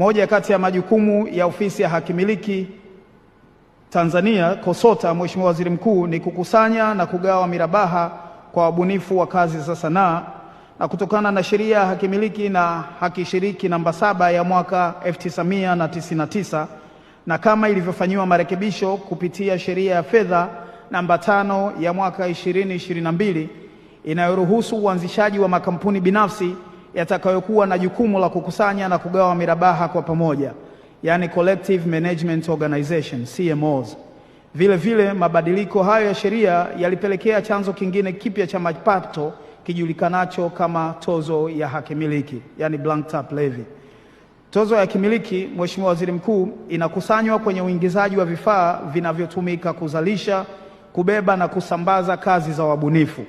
Moja kati ya majukumu ya ofisi ya hakimiliki Tanzania KOSOTA, Mheshimiwa Waziri Mkuu, ni kukusanya na kugawa mirabaha kwa wabunifu wa kazi za sanaa, na kutokana na sheria ya hakimiliki na hakishiriki namba saba ya mwaka 1999 na kama ilivyofanyiwa marekebisho kupitia sheria ya fedha namba tano ya mwaka 2022 inayoruhusu uanzishaji wa makampuni binafsi yatakayokuwa na jukumu la kukusanya na kugawa mirabaha kwa pamoja, yani collective management organization CMOs. Vile vile mabadiliko hayo ya sheria yalipelekea chanzo kingine kipya cha mapato kijulikanacho kama tozo ya hakimiliki, yani blank tap levy. Tozo ya kimiliki, Mheshimiwa Waziri Mkuu, inakusanywa kwenye uingizaji wa vifaa vinavyotumika kuzalisha, kubeba na kusambaza kazi za wabunifu.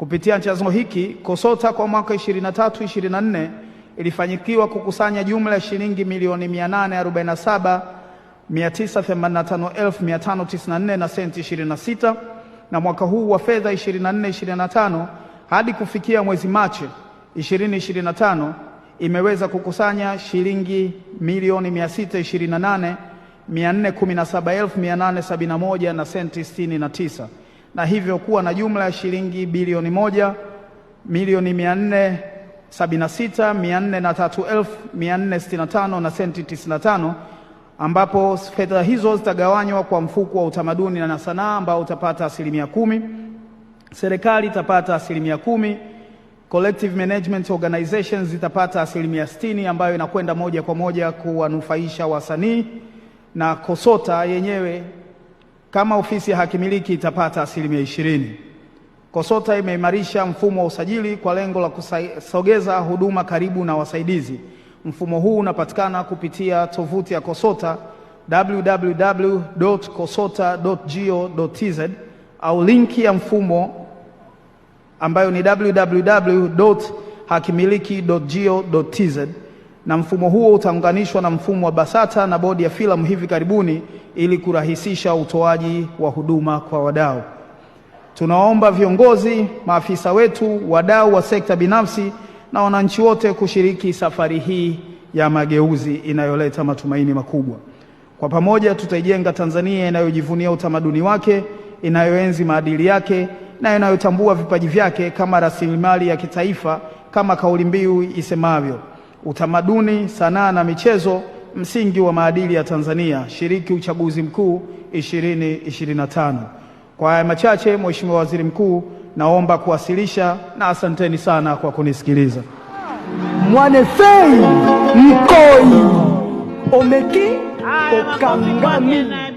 Kupitia chanzo hiki KOSOTA kwa mwaka 23 24 ilifanyikiwa kukusanya jumla ya shilingi milioni 847,985,594 na senti 26, na mwaka huu wa fedha 24 25 hadi kufikia mwezi Machi 2025 imeweza kukusanya shilingi milioni 628,417,871 na senti 69 na hivyo kuwa na jumla ya shilingi bilioni moja milioni mia nne sabini na sita mia nne na tatu elfu mia nne sitini na tano na senti tisini na tano ambapo fedha hizo zitagawanywa kwa mfuko wa utamaduni na sanaa ambao utapata asilimia kumi, serikali itapata asilimia kumi, collective management organizations zitapata asilimia sitini ambayo inakwenda moja kwa moja kuwanufaisha wasanii na KOSOTA yenyewe kama ofisi ya hakimiliki itapata asilimia ishirini. KOSOTA imeimarisha mfumo wa usajili kwa lengo la kusogeza huduma karibu na wasaidizi. Mfumo huu unapatikana kupitia tovuti ya KOSOTA www.kosota.go.tz au linki ya mfumo ambayo ni www.hakimiliki.go.tz na mfumo huo utaunganishwa na mfumo wa BASATA na bodi ya filamu hivi karibuni ili kurahisisha utoaji wa huduma kwa wadau. Tunawaomba viongozi, maafisa wetu, wadau wa sekta binafsi na wananchi wote kushiriki safari hii ya mageuzi inayoleta matumaini makubwa. Kwa pamoja tutaijenga Tanzania inayojivunia utamaduni wake, inayoenzi maadili yake na inayotambua vipaji vyake kama rasilimali ya kitaifa, kama kauli mbiu isemavyo utamaduni, sanaa na michezo, msingi wa maadili ya Tanzania. Shiriki uchaguzi mkuu 2025. Kwa haya machache, Mheshimiwa Waziri Mkuu, naomba kuwasilisha na asanteni sana kwa kunisikiliza. Mwanefei mkoi omeki okangami